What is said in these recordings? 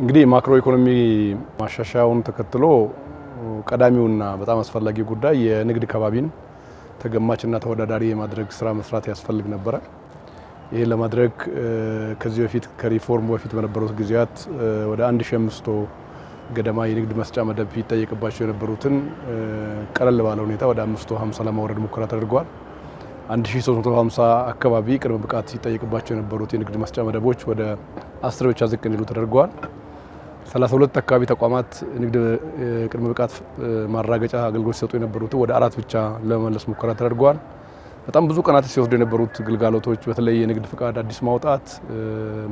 እንግዲህ ማክሮ ኢኮኖሚ ማሻሻያውን ተከትሎ ቀዳሚውና በጣም አስፈላጊ ጉዳይ የንግድ ከባቢን ተገማችና ተወዳዳሪ የማድረግ ስራ መስራት ያስፈልግ ነበረ። ይህን ለማድረግ ከዚህ በፊት ከሪፎርም በፊት በነበሩት ጊዜያት ወደ 1500 ገደማ የንግድ መስጫ መደብ ይጠየቅባቸው የነበሩትን ቀለል ባለ ሁኔታ ወደ 550 ለማውረድ ሙከራ ተደርጓል። 1350 አካባቢ ቅድመ ብቃት ይጠየቅባቸው የነበሩት የንግድ መስጫ መደቦች ወደ አስር ብቻ ዝቅ እንዲሉ ተደርገዋል። 32 አካባቢ ተቋማት ንግድ ቅድመ ብቃት ማራገጫ አገልግሎት ሲሰጡ የነበሩት ወደ አራት ብቻ ለመመለስ ሙከራ ተደርጓል። በጣም ብዙ ቀናት ሲወስዱ የነበሩት ግልጋሎቶች በተለይ የንግድ ፍቃድ አዲስ ማውጣት፣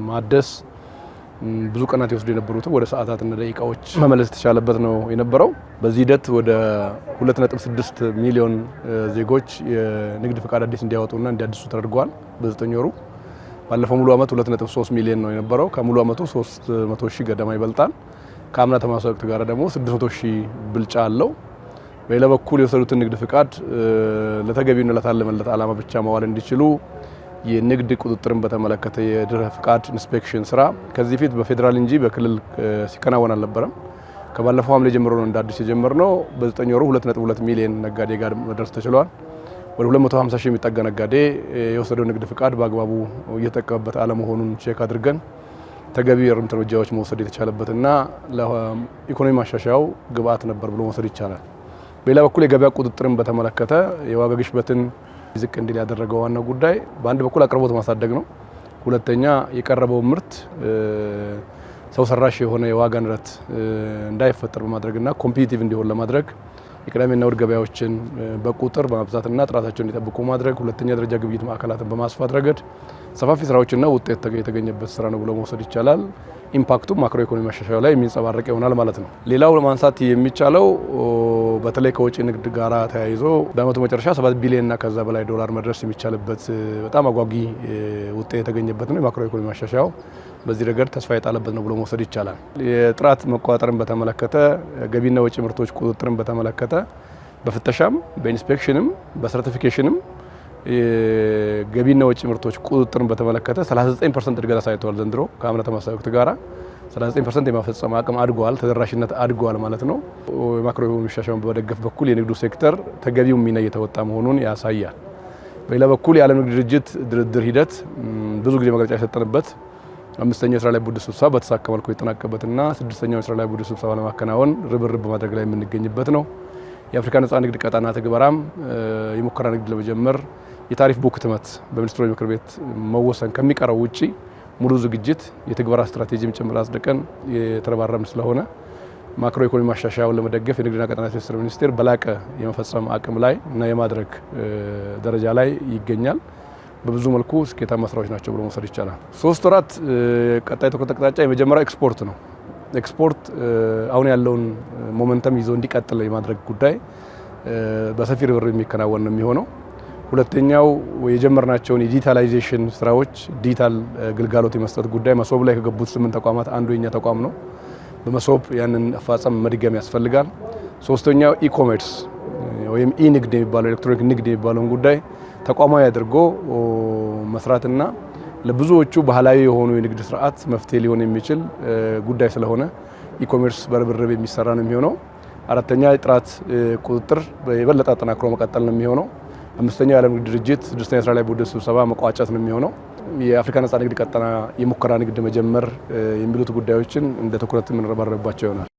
ማደስ ብዙ ቀናት ይወስዱ የነበሩት ወደ ሰዓታት እና ደቂቃዎች መመለስ የተቻለበት ነው የነበረው። በዚህ ሂደት ወደ 2.6 ሚሊዮን ዜጎች የንግድ ፍቃድ አዲስ እንዲያወጡና እንዲያድሱ ተደርጓል በዘጠኝ ወሩ ባለፈው ሙሉ አመት 2.3 ሚሊዮን ነው የነበረው። ከሙሉ አመቱ 300 ሺህ ገደማ ይበልጣል። ከአምና ተመሳሳይ ወቅት ጋር ደግሞ 600 ሺህ ብልጫ አለው። በሌላ በኩል የወሰዱትን ንግድ ፍቃድ ለተገቢውና ለታለመለት አላማ ብቻ መዋል እንዲችሉ የንግድ ቁጥጥርን በተመለከተ የድረ ፍቃድ ኢንስፔክሽን ስራ ከዚህ ፊት በፌዴራል እንጂ በክልል ሲከናወን አልነበረም። ከባለፈው ሐምሌ ጀምሮ ነው እንደ አዲስ የጀመርነው። በ9 ወሩ 2.2 ሚሊዮን ነጋዴ ጋር መድረስ ተችሏል። ወደ 250 ሺህ የሚጠጋ ነጋዴ የወሰደው ንግድ ፍቃድ በአግባቡ እየተጠቀመበት አለመሆኑን ቼክ አድርገን ተገቢ የእርምት እርምጃዎች መውሰድ የተቻለበትና ለኢኮኖሚ ማሻሻያው ግብአት ነበር ብሎ መውሰድ ይቻላል። በሌላ በኩል የገበያ ቁጥጥርን በተመለከተ የዋጋ ግሽበትን ዝቅ እንዲል ያደረገው ዋናው ጉዳይ በአንድ በኩል አቅርቦት ማሳደግ ነው። ሁለተኛ የቀረበው ምርት ሰው ሰራሽ የሆነ የዋጋ ንረት እንዳይፈጠር በማድረግና ኮምፒቲቲቭ እንዲሆን ለማድረግ የቅዳሜና እሁድ ገበያዎችን በቁጥር በማብዛትና ጥራታቸውን እንዲጠብቁ ማድረግ፣ ሁለተኛ ደረጃ ግብይት ማዕከላትን በማስፋት ረገድ ሰፋፊ ስራዎችና ውጤት የተገኘበት ስራ ነው ብሎ መውሰድ ይቻላል። ኢምፓክቱ ማክሮ ኢኮኖሚ ማሻሻያ ላይ የሚንጸባረቅ ይሆናል ማለት ነው። ሌላው ማንሳት የሚቻለው በተለይ ከውጭ ንግድ ጋራ ተያይዞ በአመቱ መጨረሻ ሰባት ቢሊዮንና ከዛ በላይ ዶላር መድረስ የሚቻልበት በጣም አጓጊ ውጤት የተገኘበት ነው። የማክሮ ኢኮኖሚ ማሻሻያው በዚህ ረገድ ተስፋ የጣለበት ነው ብሎ መውሰድ ይቻላል። የጥራት መቆጣጠርን በተመለከተ፣ ገቢና ወጪ ምርቶች ቁጥጥርን በተመለከተ በፍተሻም በኢንስፔክሽንም በሰርቲፊኬሽንም ገቢና ወጪ ምርቶች ቁጥጥርን በተመለከተ 39 ፐርሰንት እድገት አሳይተዋል ዘንድሮ ከአምና ተመሳዮክት ጋራ 39 ፐርሰንት የማፈጸም አቅም አድጓል፣ ተደራሽነት አድጓል ማለት ነው። የማክሮ ኢኮኖሚ መሻሻሉን በመደገፍ በኩል የንግዱ ሴክተር ተገቢው ሚና እየተወጣ መሆኑን ያሳያል። በሌላ በኩል የዓለም ንግድ ድርጅት ድርድር ሂደት ብዙ ጊዜ መግለጫ የሰጠንበት አምስተኛው የስራ ላይ ቡድን ስብሰባ በተሳካ መልኩ የተጠናቀበትና ስድስተኛው የስራ ላይ ቡድን ስብሰባ ለማከናወን ርብርብ በማድረግ ላይ የምንገኝበት ነው። የአፍሪካ ነጻ ንግድ ቀጣና ትግበራም የሙከራ ንግድ ለመጀመር የታሪፍ ቡክ ትመት በሚኒስትሮች ምክር ቤት መወሰን ከሚቀረው ውጪ ሙሉ ዝግጅት የትግበራ ስትራቴጂም ጭምር አጽድቀን የተረባረም ስለሆነ ማክሮ ኢኮኖሚ ማሻሻያውን ለመደገፍ የንግድና ቀጠና ትስስር ሚኒስቴር በላቀ የመፈጸም አቅም ላይ እና የማድረግ ደረጃ ላይ ይገኛል። በብዙ መልኩ ስኬታማ ስራዎች ናቸው ብሎ መውሰድ ይቻላል። ሶስት ወራት ቀጣይ ትኩረት አቅጣጫ የመጀመሪያው ኤክስፖርት ነው። ኤክስፖርት አሁን ያለውን ሞመንተም ይዞ እንዲቀጥል የማድረግ ጉዳይ በሰፊ ርብርብ የሚከናወን ነው የሚሆነው። ሁለተኛው የጀመርናቸውን የዲጂታላይዜሽን ስራዎች ዲጂታል ግልጋሎት የመስጠት ጉዳይ መሶብ ላይ ከገቡት ስምንት ተቋማት አንዱ የኛ ተቋም ነው። በመሶብ ያንን አፋጸም መድገም ያስፈልጋል። ሶስተኛው ኢኮሜርስ ወይም ኢ ንግድ የሚባለው ኤሌክትሮኒክ ንግድ የሚባለውን ጉዳይ ተቋማዊ አድርጎ መስራትና ለብዙዎቹ ባህላዊ የሆኑ የንግድ ስርዓት መፍትሄ ሊሆን የሚችል ጉዳይ ስለሆነ ኢኮሜርስ በርብርብ የሚሰራ ነው የሚሆነው። አራተኛ የጥራት ቁጥጥር የበለጠ አጠናክሮ መቀጠል ነው የሚሆነው። አምስተኛው የዓለም ንግድ ድርጅት ስድስተኛ ስራ ላይ ቡድን ስብሰባ መቋጨት ነው የሚሆነው። የአፍሪካ ነጻ ንግድ ቀጠና የሙከራ ንግድ መጀመር የሚሉት ጉዳዮችን እንደ ትኩረት የምንረባረብባቸው ይሆናል።